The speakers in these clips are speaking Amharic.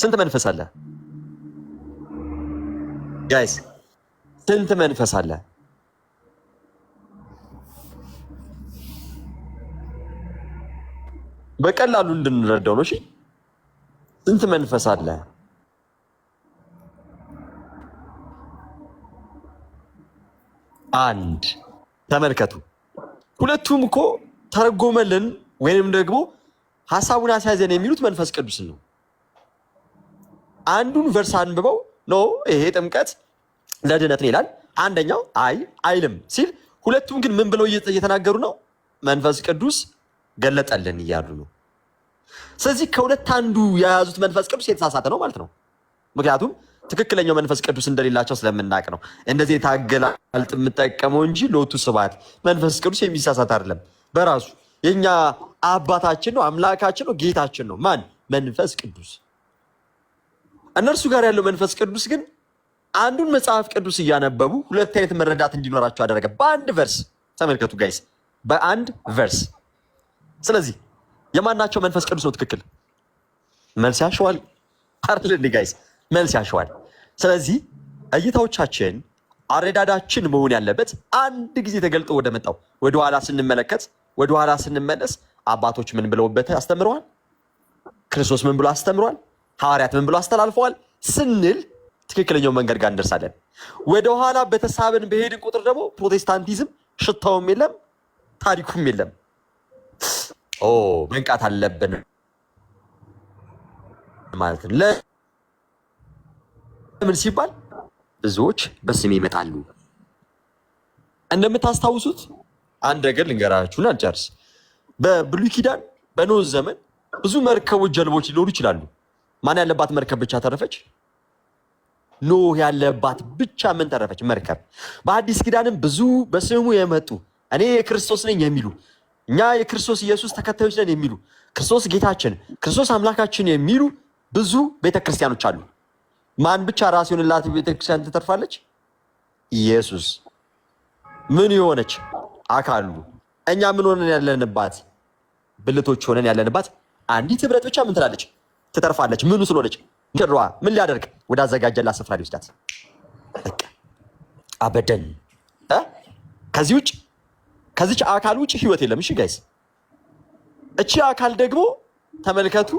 ስንት መንፈስ አለ ጋይስ? ስንት መንፈስ አለ? በቀላሉ እንድንረዳው ነው። እሺ ስንት መንፈስ አለ? አንድ ተመልከቱ። ሁለቱም እኮ ተረጎመልን ወይንም ደግሞ ሀሳቡን አስያዘን የሚሉት መንፈስ ቅዱስን ነው። አንዱን ቨርስ አንብበው ነው ይሄ ጥምቀት ለድነት ነው ይላል። አንደኛው አይ አይልም ሲል፣ ሁለቱም ግን ምን ብለው እየተናገሩ ነው? መንፈስ ቅዱስ ገለጠልን እያሉ ነው። ስለዚህ ከሁለት አንዱ የያዙት መንፈስ ቅዱስ የተሳሳተ ነው ማለት ነው። ምክንያቱም ትክክለኛው መንፈስ ቅዱስ እንደሌላቸው ስለምናቅ ነው እንደዚህ የታገላልጥ የምጠቀመው እንጂ ሎቱ ስብሐት መንፈስ ቅዱስ የሚሳሳት አይደለም። በራሱ የኛ አባታችን ነው፣ አምላካችን ነው፣ ጌታችን ነው። ማን? መንፈስ ቅዱስ። እነርሱ ጋር ያለው መንፈስ ቅዱስ ግን አንዱን መጽሐፍ ቅዱስ እያነበቡ ሁለት አይነት መረዳት እንዲኖራቸው አደረገ። በአንድ ቨርስ ተመልከቱ ጋይስ፣ በአንድ ቨርስ። ስለዚህ የማናቸው መንፈስ ቅዱስ ነው ትክክል መልስ ያሸዋል አይደል? ጋይስ መልስ ያሸዋል። ስለዚህ እይታዎቻችን አረዳዳችን መሆን ያለበት አንድ ጊዜ ተገልጦ ወደ መጣው ወደኋላ ስንመለከት ወደኋላ ስንመለስ አባቶች ምን ብለውበት አስተምረዋል፣ ክርስቶስ ምን ብሎ አስተምረዋል፣ ሐዋርያት ምን ብሎ አስተላልፈዋል ስንል ትክክለኛው መንገድ ጋር እንደርሳለን። ወደኋላ በተሳብን በሄድን ቁጥር ደግሞ ፕሮቴስታንቲዝም ሽታውም የለም ታሪኩም የለም። ኦ መንቃት አለብን ማለት ነው። ለምን ሲባል ብዙዎች በስሜ ይመጣሉ። እንደምታስታውሱት አንድ ነገር ልንገራችሁን አልጨርስ። በብሉይ ኪዳን በኖህ ዘመን ብዙ መርከቦች፣ ጀልቦች ሊኖሩ ይችላሉ። ማን ያለባት መርከብ ብቻ ተረፈች? ኖህ ያለባት ብቻ ምን ተረፈች? መርከብ። በአዲስ ኪዳንም ብዙ በስሙ የመጡ እኔ የክርስቶስ ነኝ የሚሉ እኛ የክርስቶስ ኢየሱስ ተከታዮች ነን የሚሉ ክርስቶስ ጌታችን፣ ክርስቶስ አምላካችን የሚሉ ብዙ ቤተክርስቲያኖች አሉ። ማን ብቻ ራስ ይሆንላት ቤተክርስቲያን ትተርፋለች? ኢየሱስ። ምን የሆነች አካሉ እኛ ምን ሆነን ያለንባት ብልቶች ሆነን ያለንባት አንዲት ህብረት ብቻ ምን ትላለች? ትተርፋለች። ምኑ ስለሆነች ጀሯ ምን ሊያደርግ ወደ አዘጋጀላት ስፍራ ሊወስዳት አበደን። ከዚህ ውጭ ከዚች አካል ውጭ ህይወት የለም። እሺ ጋይስ፣ እቺ አካል ደግሞ ተመልከቱ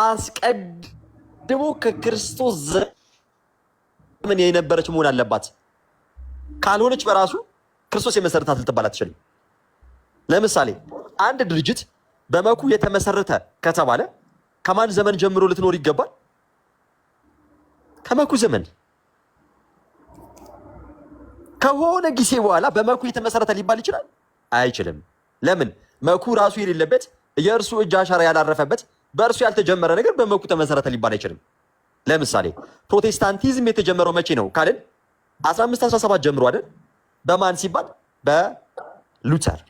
አስቀድ ደግሞ ከክርስቶስ ዘመን የነበረች መሆን አለባት። ካልሆነች በራሱ ክርስቶስ የመሰረታት ልትባል አትችልም። ለምሳሌ አንድ ድርጅት በመኩ የተመሰረተ ከተባለ ከማን ዘመን ጀምሮ ልትኖር ይገባል? ከመኩ ዘመን። ከሆነ ጊዜ በኋላ በመኩ የተመሰረተ ሊባል ይችላል? አይችልም። ለምን? መኩ ራሱ የሌለበት የእርሱ እጅ አሻራ ያላረፈበት በእርሱ ያልተጀመረ ነገር በመኩ ተመሰረተ ሊባል አይችልም። ለምሳሌ ፕሮቴስታንቲዝም የተጀመረው መቼ ነው ካልን 1517 ጀምሮ አይደል? በማን ሲባል በሉተር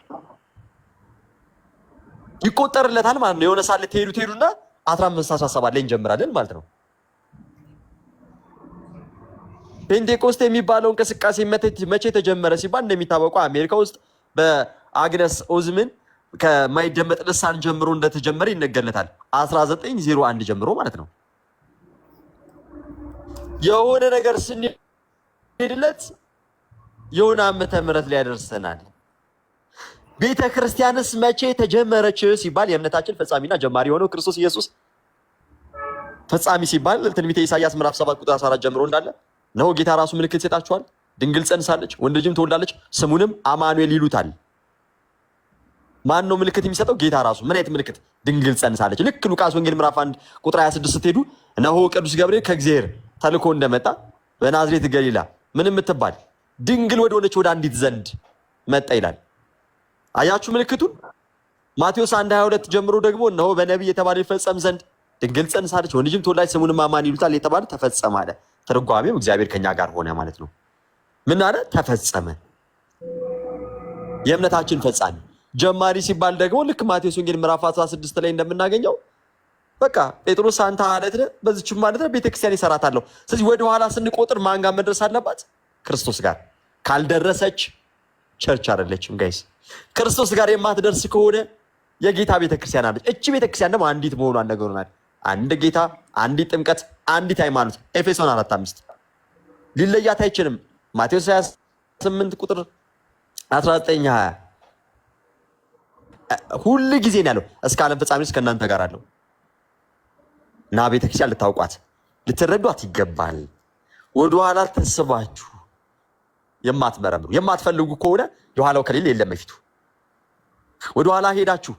ይቆጠርለታል ማለት ነው። የሆነ ሳለ ትሄዱ ትሄዱና 1517 ላይ እንጀምራለን ማለት ነው። ፔንቴኮስት የሚባለው እንቅስቃሴ መቼ ተጀመረ ሲባል እንደሚታወቀው አሜሪካ ውስጥ በአግነስ ኦዝምን ከማይደመጥ ልሳን ጀምሮ እንደተጀመረ ይነገርለታል። 1901 ጀምሮ ማለት ነው። የሆነ ነገር ስንሄድለት የሆነ ዓመተ ምሕረት ላይ ያደርሰናል። ቤተ ክርስቲያንስ መቼ ተጀመረች ሲባል የእምነታችን ፈጻሚና ጀማሪ የሆነው ክርስቶስ ኢየሱስ ፈጻሚ ሲባል ትንቢተ ኢሳያስ ምዕራፍ 7 ቁጥር 14 ጀምሮ እንዳለ ነው። ጌታ ራሱ ምልክት ይሰጣችኋል፣ ድንግል ጸንሳለች፣ ወንድ ልጅም ትወልዳለች፣ ስሙንም አማኑኤል ይሉታል። ማን ነው ምልክት የሚሰጠው? ጌታ ራሱ። ምን አይነት ምልክት? ድንግል ጸንሳለች። ልክ ሉቃስ ወንጌል ምዕራፍ 1 ቁጥር 26 ስትሄዱ እነሆ ቅዱስ ገብርኤል ከእግዚአብሔር ተልኮ እንደመጣ በናዝሬት ገሊላ ምን የምትባል ድንግል ወደ ሆነች ወደ አንዲት ዘንድ መጣ ይላል። አያችሁ ምልክቱን። ማቴዎስ 1 22 ጀምሮ ደግሞ እነሆ በነቢይ የተባለ ይፈጸም ዘንድ ድንግል ጸንሳለች፣ ወንድ ልጅም ተወላጅ፣ ስሙንም አማን ይሉታል የተባለ ተፈጸመ አለ። ትርጓሜው እግዚአብሔር ከኛ ጋር ሆነ ማለት ነው። ምን አለ? ተፈጸመ። የእምነታችን ፈጻሚ ጀማሪ ሲባል ደግሞ ልክ ማቴዎስ ወንጌል ምዕራፍ 16 ላይ እንደምናገኘው በቃ ጴጥሮስ አንተ ማለት ነህ፣ በዚችም ማለት ነህ ቤተክርስቲያን ይሰራታለሁ። ስለዚህ ወደኋላ ስንቆጥር ማን ጋር መድረስ አለባት? ክርስቶስ ጋር። ካልደረሰች ቸርች አይደለችም ጋይስ። ክርስቶስ ጋር የማትደርስ ከሆነ የጌታ ቤተክርስቲያን አለች። እቺ ቤተክርስቲያን ደግሞ አንዲት መሆኗን ነገሩናል። አንድ ጌታ፣ አንዲት ጥምቀት፣ አንዲት ሃይማኖት ኤፌሶን አራት አምስት ሊለያት አይችልም። ማቴዎስ 28 ቁጥር 19 20 ሁል ጊዜ ነው ያለው። እስከ ዓለም ፍጻሜ ድረስ ከእናንተ ጋር አለው እና ቤተክርስቲያን ልታውቋት ልትረዷት ይገባል። ወደኋላ ተስባችሁ የማትመረምሩ የማትፈልጉ ከሆነ የኋላው ከሌለ የለም በፊቱ። ወደኋላ ሄዳችሁ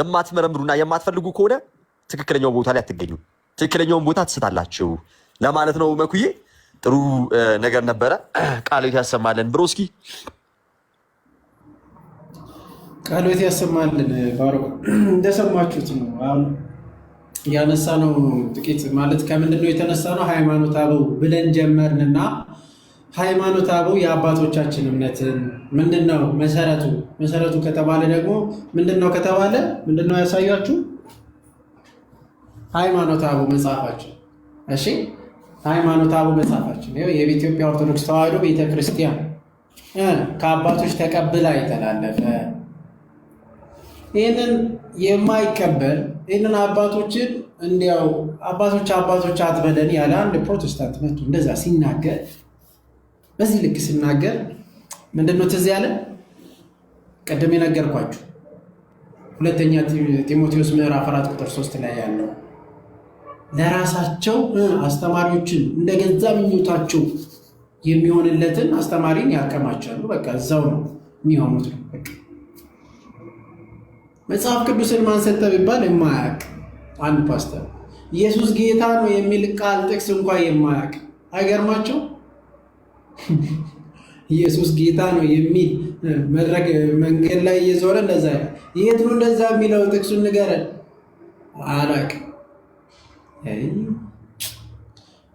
የማትመረምሩና የማትፈልጉ ከሆነ ትክክለኛው ቦታ ላይ አትገኙ፣ ትክክለኛውን ቦታ ትስታላችሁ ለማለት ነው። መኩዬ ጥሩ ነገር ነበረ። ቃሉ ያሰማለን ብሮ እስኪ ቃሎት ያሰማልን። ባሮክ እንደሰማችሁት ነው። አሁን ያነሳ ነው ጥቂት ማለት ከምንድነው የተነሳ ነው? ሃይማኖት አበው ብለን ጀመርንና ሃይማኖት አበው የአባቶቻችን እምነትን ምንድነው መሰረቱ መሰረቱ ከተባለ ደግሞ ምንድነው ከተባለ ምንድነው ያሳያችሁ ሃይማኖት አበው መጽሐፋችን። እሺ ሃይማኖት አበው መጽሐፋችን ይኸው የኢትዮጵያ ኦርቶዶክስ ተዋህዶ ቤተክርስቲያን ከአባቶች ተቀብላ የተላለፈ ይህንን የማይቀበል ይህንን አባቶችን እንዲያው አባቶች አባቶች አትበለን ያለ አንድ ፕሮቴስታንት መቶ እንደዛ ሲናገር በዚህ ልክ ሲናገር ምንድን ነው ትዝ ያለ? ቀደም የነገርኳችሁ ሁለተኛ ጢሞቴዎስ ምዕራፍ አራት ቁጥር ሶስት ላይ ያለው ለራሳቸው አስተማሪዎችን እንደ ገዛ ምኞታቸው የሚሆንለትን አስተማሪን ያከማቻሉ። በቃ እዛው ነው የሚሆኑት ነው። መጽሐፍ ቅዱስን ማንሰጠ ቢባል የማያውቅ አንድ ፓስተር ኢየሱስ ጌታ ነው የሚል ቃል ጥቅስ እንኳን የማያውቅ አይገርማቸው። ኢየሱስ ጌታ ነው የሚል መድረክ መንገድ ላይ እየዞረ እንደዛ የት ነው እንደዛ የሚለው ጥቅሱን ንገረን። አላቅ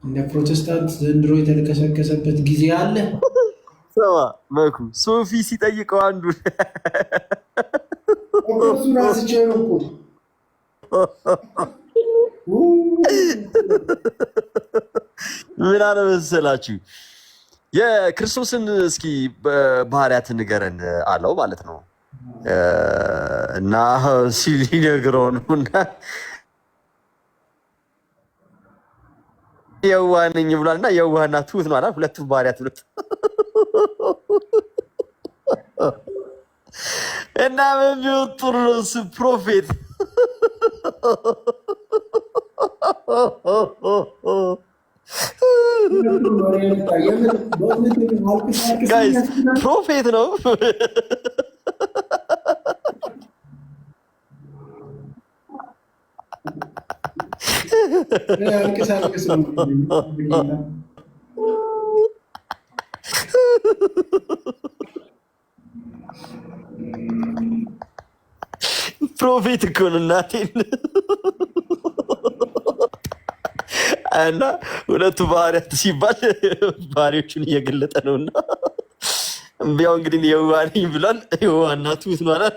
እንደ ፕሮቴስታንት ዘንድሮ የተልከሰከሰበት ጊዜ አለ። መኩ ሶፊ ሲጠይቀው አንዱ እሱን አንስቼ ነው እኮ ምን አለ መሰላችሁ የክርስቶስን እስኪ ባህሪያት ንገረን አለው ማለት ነው። እና ሲል ሊነግረው ነው እና የዋህ ነኝ ብሏል። እና የዋህና ትሁት ነው አላል። ሁለቱም ባህሪያት ሁለት እና በሚወጡ ርዕሱ ፕሮፌት ጋይስ ፕሮፌት ነው። ፕሮፌት እኮ ነው እናቴን እና ሁለቱ ባህሪያት ሲባል ባህሪዎቹን እየገለጠ ነው። እና ያው እንግዲህ የውሃ ነኝ ብሏል። የውሃ እናቱ ትማላል።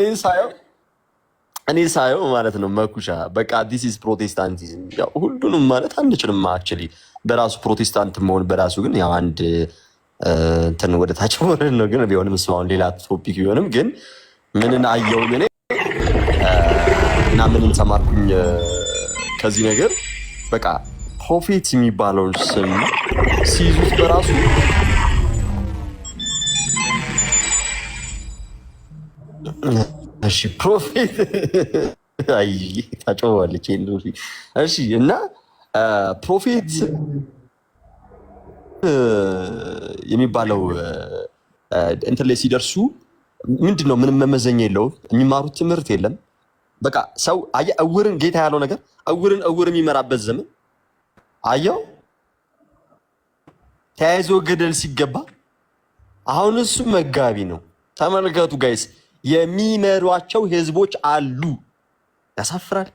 እኔ ሳየው እኔ ሳየው ማለት ነው መኩሻ በቃ ዲስ ኢዝ ፕሮቴስታንቲዝም ሁሉ ሁሉንም ማለት አንችልም። አክቹዋሊ በራሱ ፕሮቴስታንት መሆን በራሱ ግን ያው አንድ እንትን ወደ ታች መሆንን ነው። ግን ቢሆንም ስማሁን ሌላ ቶፒክ ቢሆንም ግን ምንን አየው እኔ እና ምንን ተማርኩኝ ከዚህ ነገር በቃ ፕሮፌት የሚባለውን ስም ሲይዙት በራሱ እሺ ፕሮፌት አይ ታጮዋለች። እሺ እና ፕሮፌት የሚባለው እንትን ላይ ሲደርሱ ምንድን ነው? ምንም መመዘኛ የለውም። የሚማሩት ትምህርት የለም። በቃ ሰው አየ እውርን ጌታ ያለው ነገር እውርን እውር የሚመራበት ዘመን አየው፣ ተያይዞ ገደል ሲገባ አሁን እሱ መጋቢ ነው። ተመልከቱ ጋይስ፣ የሚመሯቸው ህዝቦች አሉ ያሳፍራል፣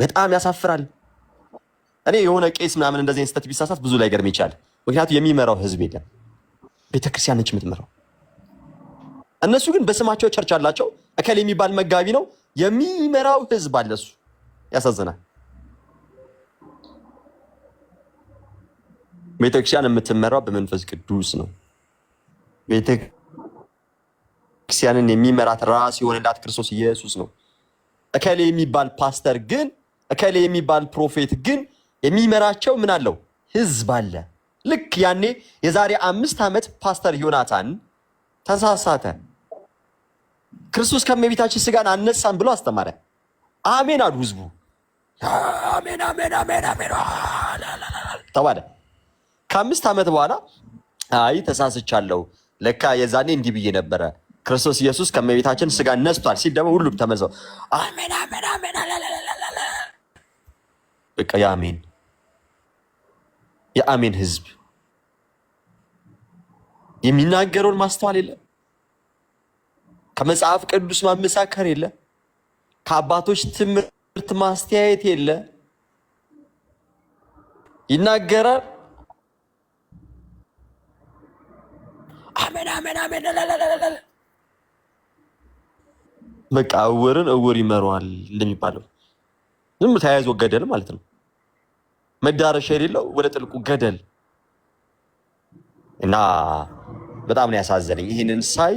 በጣም ያሳፍራል። እኔ የሆነ ቄስ ምናምን እንደዚህ አይነት ስህተት ቢሳሳት ብዙ ላይ ገርም ይቻል። ምክንያቱም የሚመራው ህዝብ የለም፣ ቤተክርስቲያን ነች የምትመራው። እነሱ ግን በስማቸው ቸርች አላቸው። እከል የሚባል መጋቢ ነው የሚመራው ህዝብ አለ። እሱ ያሳዝናል። ቤተክርስቲያን የምትመራው በመንፈስ ቅዱስ ነው። ቤተክርስቲያንን የሚመራት ራስ የሆነላት ክርስቶስ ኢየሱስ ነው። እከሌ የሚባል ፓስተር ግን እከሌ የሚባል ፕሮፌት ግን የሚመራቸው ምን አለው ህዝብ አለ። ልክ ያኔ የዛሬ አምስት ዓመት ፓስተር ዮናታን ተሳሳተ። ክርስቶስ ከእመቤታችን ስጋን አነሳን ብሎ አስተማረ። አሜን አሉ ህዝቡ። አሜን አሜን አሜን አሜን ተባለ። ከአምስት ዓመት በኋላ አይ ተሳስቻለሁ፣ ለካ የዛኔ እንዲህ ብዬ ነበረ ክርስቶስ ኢየሱስ ከመቤታችን ስጋ ነስቷል ሲል ደግሞ ሁሉም ተመዘው አሜን አሜን አሜን በቃ የአሜን የአሜን ህዝብ የሚናገረውን ማስተዋል የለም። ከመጽሐፍ ቅዱስ ማመሳከር የለ። ከአባቶች ትምህርት ማስተያየት የለ። ይናገራል አሜን አሜን አሜን በቃ እውርን እውር ይመረዋል እንደሚባለው ዝም ተያይዞ ገደል ማለት ነው። መዳረሻ የሌለው ወደ ጥልቁ ገደል እና በጣም ነው ያሳዘነኝ። ይህንን ሳይ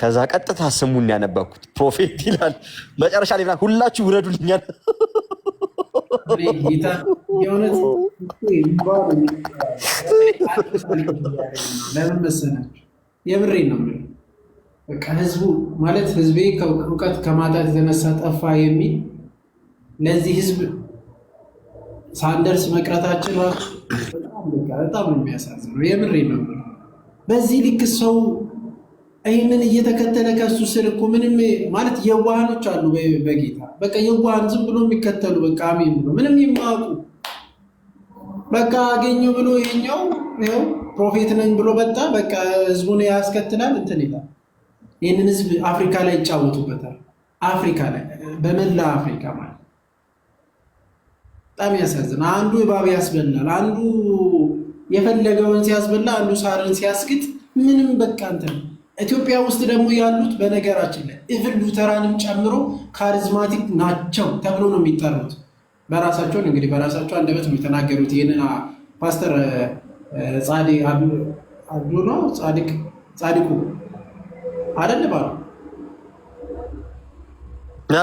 ከዛ ቀጥታ ስሙን ያነበኩት ፕሮፌት ይላል መጨረሻ ላይ ሁላችሁ ውረዱልኛል። ለምን መሰናችሁ? ነው። በቃ ህዝቡ ማለት ህዝቤ እውቀት ከማጣት የተነሳ ጠፋ የሚል ለዚህ ህዝብ ሳንደርስ መቅረታችን በጣም ነው የሚያሳዝነው። የምሬ ነው። በዚህ ልክ ሰው ይህንን እየተከተለ ከሱ ስር እኮ ምንም ማለት የዋሃኖች አሉ በጌታ በቃ የዋሃን ዝም ብሎ የሚከተሉ በቃ አሜን ብሎ ምንም የማያውቁ በቃ አገኙ ብሎ ይሄኛው ፕሮፌት ነኝ ብሎ በጣም በቃ ህዝቡን ያስከትላል እንትን ይላል። ይህንን ህዝብ አፍሪካ ላይ ይጫወቱበታል። አፍሪካ ላይ በመላ አፍሪካ ማለት በጣም ያሳዝን። አንዱ እባብ ያስበላል፣ አንዱ የፈለገውን ሲያስበላ፣ አንዱ ሳርን ሲያስግጥ፣ ምንም በቃ እንትን ኢትዮጵያ ውስጥ ደግሞ ያሉት በነገራችን ላይ ኢቭን ሉተራንም ጨምሮ ካሪዝማቲክ ናቸው ተብሎ ነው የሚጠሩት። በራሳቸውን እንግዲህ በራሳቸው አንደበት ነው የተናገሩት። ይህንን ፓስተር ጻዴ አብዱ ነው ጻድቁ አይደል ባሉ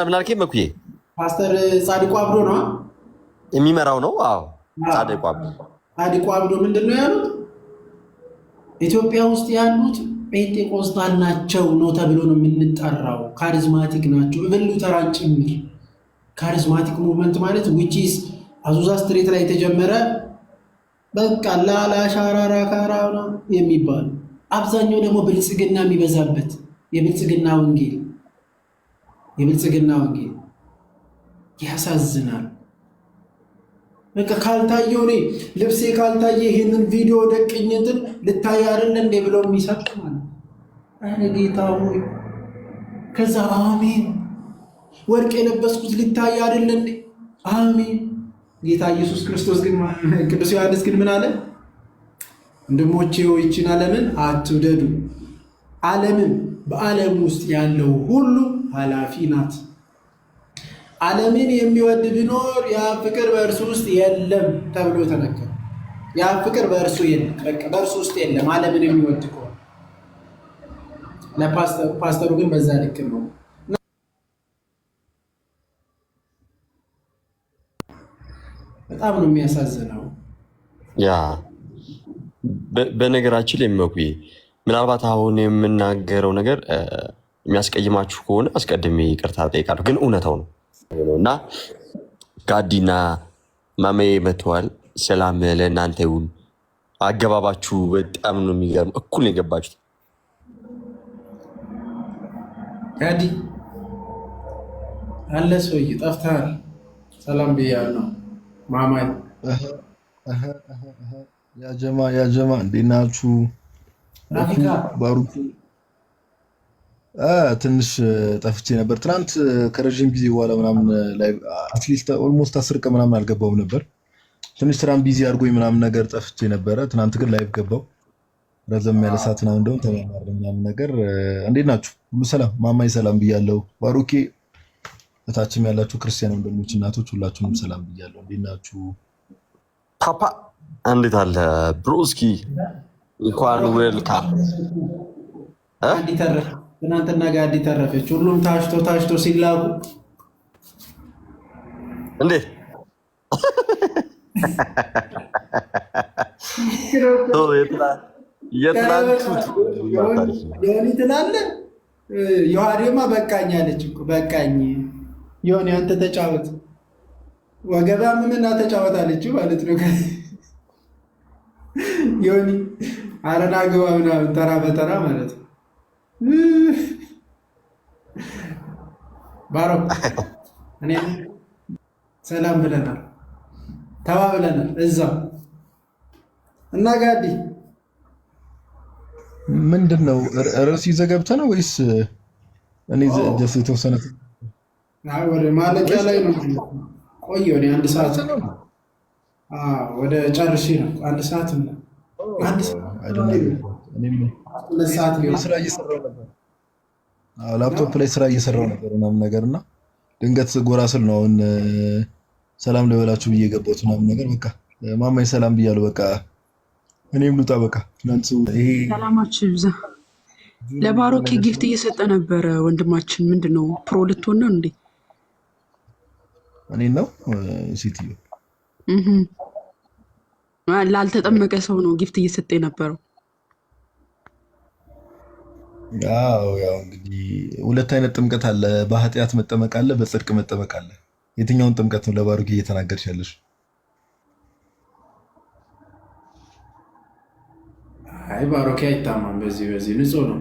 ምን አልከኝ? መኩዬ ፓስተር ጻድቁ አብዶ ነው የሚመራው ነው። አዎ ጻድቁ አብዶ ጻድቁ አብዶ ምንድን ነው ያሉት? ኢትዮጵያ ውስጥ ያሉት ጴንጤቆስታል ናቸው ነው ተብሎ ነው የምንጠራው። ካሪዝማቲክ ናቸው፣ እብሉ ሉተራን ጭምር። ካሪዝማቲክ ሙቭመንት ማለት ዊችስ አዙዛ ስትሬት ላይ የተጀመረ በቃ ላላሻራራካራ የሚባል አብዛኛው ደግሞ ብልጽግና የሚበዛበት የብልጽግና ወንጌል የብልጽግና ወንጌል ያሳዝናል። በቃ ካልታየው እኔ ልብሴ ካልታየ ይህንን ቪዲዮ ደቅኝትን ልታይ አይደል እንዴ ብለው የሚሰጥ ማለት አረ ጌታ ሆይ፣ ከዛ አሜን ወርቅ የለበስኩት ልታይ አይደል እንዴ አሜን። ጌታ ኢየሱስ ክርስቶስ ግን ቅዱስ ዮሐንስ ግን ምን አለ? ወንድሞቼ ሆይ ይችን ዓለምን አትውደዱ። ዓለምን በዓለም ውስጥ ያለው ሁሉ ኃላፊ ናት። ዓለምን የሚወድ ቢኖር ያ ፍቅር በእርሱ ውስጥ የለም ተብሎ ተነገረ። ያ ፍቅር በእርሱ የለም፣ በእርሱ ውስጥ የለም። ዓለምን የሚወድ ከሆነ ለፓስተሩ ግን በዛ ልክ ነው። በጣም ነው የሚያሳዝነው ያ በነገራችን ላይ መኩ ምናልባት አሁን የምናገረው ነገር የሚያስቀይማችሁ ከሆነ አስቀድሜ ይቅርታ ጠይቃለሁ። ግን እውነታው ነው እና ጋዲና ማመዬ መተዋል። ሰላም ለእናንተ ይሁን። አገባባችሁ በጣም ነው የሚገርም። እኩል ነው የገባችሁት። ጋዲ አለ ሰውዬ ጠፍተሃል። ሰላም ብያለሁ ማማኝ ያጀማ ያጀማ ያ እንዴት ናችሁ? ባሩክ ትንሽ eh, ጠፍቼ ነበር። ትናንት eh, ከረዥም ጊዜ በኋላ ምናምን አትሊስት eh, ኦልሞስት አስር ቀን ምናምን አልገባውም ነበር። ትንሽ ስራም ቢዚ አድርጎኝ ምናምን ነገር ጠፍቼ ነበረ። ትናንት ግን ላይቭ ገባው ረዘም ያለ ሰዓት ነው። እንደውም ተመማር ምናምን ነገር እንዴት ናችሁ? ሁሉ ሰላም ማማይ ሰላም ብያለሁ። ባሩኬ እታችም ያላችሁ ክርስቲያን ወንድሞች እናቶች ሁላችሁንም ሰላም ብያለሁ። እንዴት ናችሁ? ፓፓ እንዴት አለ ብሮስኪ፣ እንኳን ዌልካም። ትናንትና ጋዲ ተረፈች። ሁሉም ታሽቶ ታሽቶ ሲላጉ እንዴት ትላለ። በቃኝ አለች እኮ በቃኝ። የሆነ አንተ ተጫወት ወገባ ምንና ተጫወት ማለት ነው። የሆኒ አረና ግባ ምናምን ተራ በተራ ማለት ነው። ባሮ እኔ ሰላም ብለናል፣ ተባብለናል። እዛ እና ጋዲ ምንድን ነው ርዕስ ይዘገብተ ነው ወይስ እኔ ጀስት የተወሰነ ወደ ማለቂያ ላይ ነው? ቆየ አንድ ሰዓት ነው ወደ ጨርሼ ነው አንድ ሰዓት ነው ላፕቶፕ ላይ ስራ እየሰራው ነበር ምናምን ነገር እና ድንገት ጎራ ስል ነው አሁን ሰላም ልበላችሁ ብዬ ገባሁት ምናምን ነገር በቃ ማማኝ ሰላም ብያለሁ። በቃ እኔም ልውጣ በቃ ትናንት ይሄ ሰላማችሁ ጊፍት እየሰጠ ነበረ ወንድማችን። ምንድን ነው ፕሮ ልትሆን ነው እንዴ? እኔ ነው ሴትዮ ላልተጠመቀ ሰው ነው ጊፍት እየሰጠ የነበረው። ያው እንግዲህ ሁለት አይነት ጥምቀት አለ። በኃጢአት መጠመቅ አለ፣ በጽድቅ መጠመቅ አለ። የትኛውን ጥምቀት ነው ለባሩክ እየተናገርሽ ያለሽ? አይ ባሮኬ አይታማም። በዚህ በዚህ ንጹህ ነው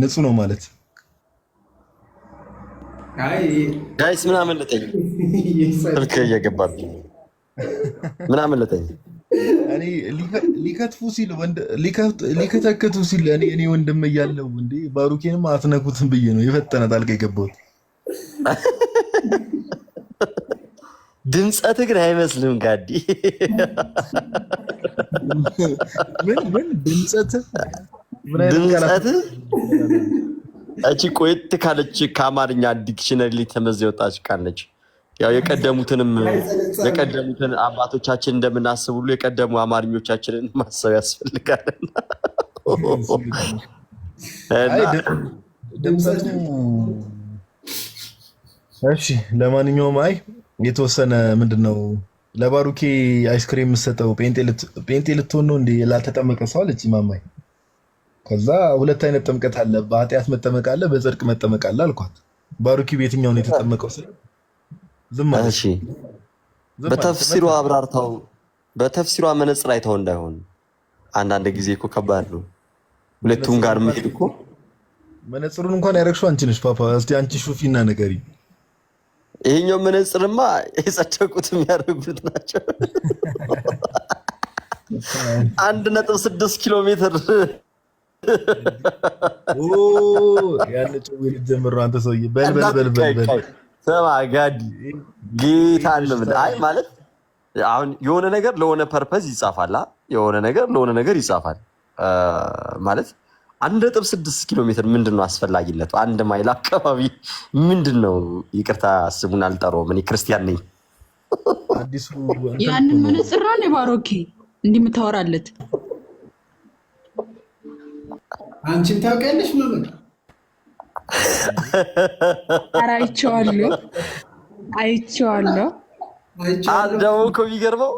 ንጹህ ነው ማለት ጋይስ ምን አመለጠኝ? ስልክ እየገባል ምን አመለጠኝ? እኔ ሊከትፉ ሲል ሊከተከቱ ሲል እኔ ወንድም እያለው እንዴ ባሩኬንም አትነኩትም ብዬ ነው የፈጠነ ጣልቃ የገባት። ድምፀት ግን አይመስልም። ጋዲ ምን ምን ድምፀት እቺ ቆየት ካለች ከአማርኛ ዲክሽነሪ ላይ የወጣች ቃል ነች። ያው የቀደሙትንም የቀደሙትን አባቶቻችን እንደምናስብ ሁሉ የቀደሙ አማርኞቻችንን ማሰብ ያስፈልጋል። እሺ ለማንኛውም አይ የተወሰነ ምንድን ነው ለባሩኬ አይስክሪም የምሰጠው ጴንጤ ልትሆን ነው እንዲ ላልተጠመቀ ሰው አለች ማማይ ከዛ ሁለት አይነት ጥምቀት አለ፣ በኃጢአት መጠመቅ አለ፣ በጽድቅ መጠመቅ አለ አልኳት። ባሩኪ ቤትኛውን የተጠመቀው? ስለ ዝም በተፍሲሩ አብራርታው፣ በተፍሲሩ መነጽር አይተው እንዳይሆን። አንዳንድ ጊዜ እኮ ከባድ ነው ሁለቱም ጋር መሄድ እኮ። መነጽሩን እንኳን ያረግሽው አንቺ ነሽ ፓፓ። እስቲ አንቺ ሹፊና ነገሪ። ይሄኛው መነጽርማ የጸደቁት የሚያደርጉት ናቸው። አንድ ነጥብ ስድስት ኪሎ ሜትር ያን ጭው ልጀምር አንተ ሰውዬ። በል ስማ ጋዲ ጌታን ልብል። አይ ማለት አሁን የሆነ ነገር ለሆነ ፐርፐዝ ይጻፋል፣ የሆነ ነገር ለሆነ ነገር ይጻፋል። ማለት አንድ ነጥብ ስድስት ኪሎ ሜትር ምንድን ነው አስፈላጊነቱ? አንድ ማይል አካባቢ ምንድን ነው? ይቅርታ ስሙን አልጠራውም እኔ ክርስቲያን ነኝ። ያንን መነጽር ባሮኬ እንዲህ የምታወራለት አንቺን ታውቂያለሽ መብል ኧረ አይቼዋለሁ፣ አይቼዋለሁ። አልደወልኩም። የሚገርመው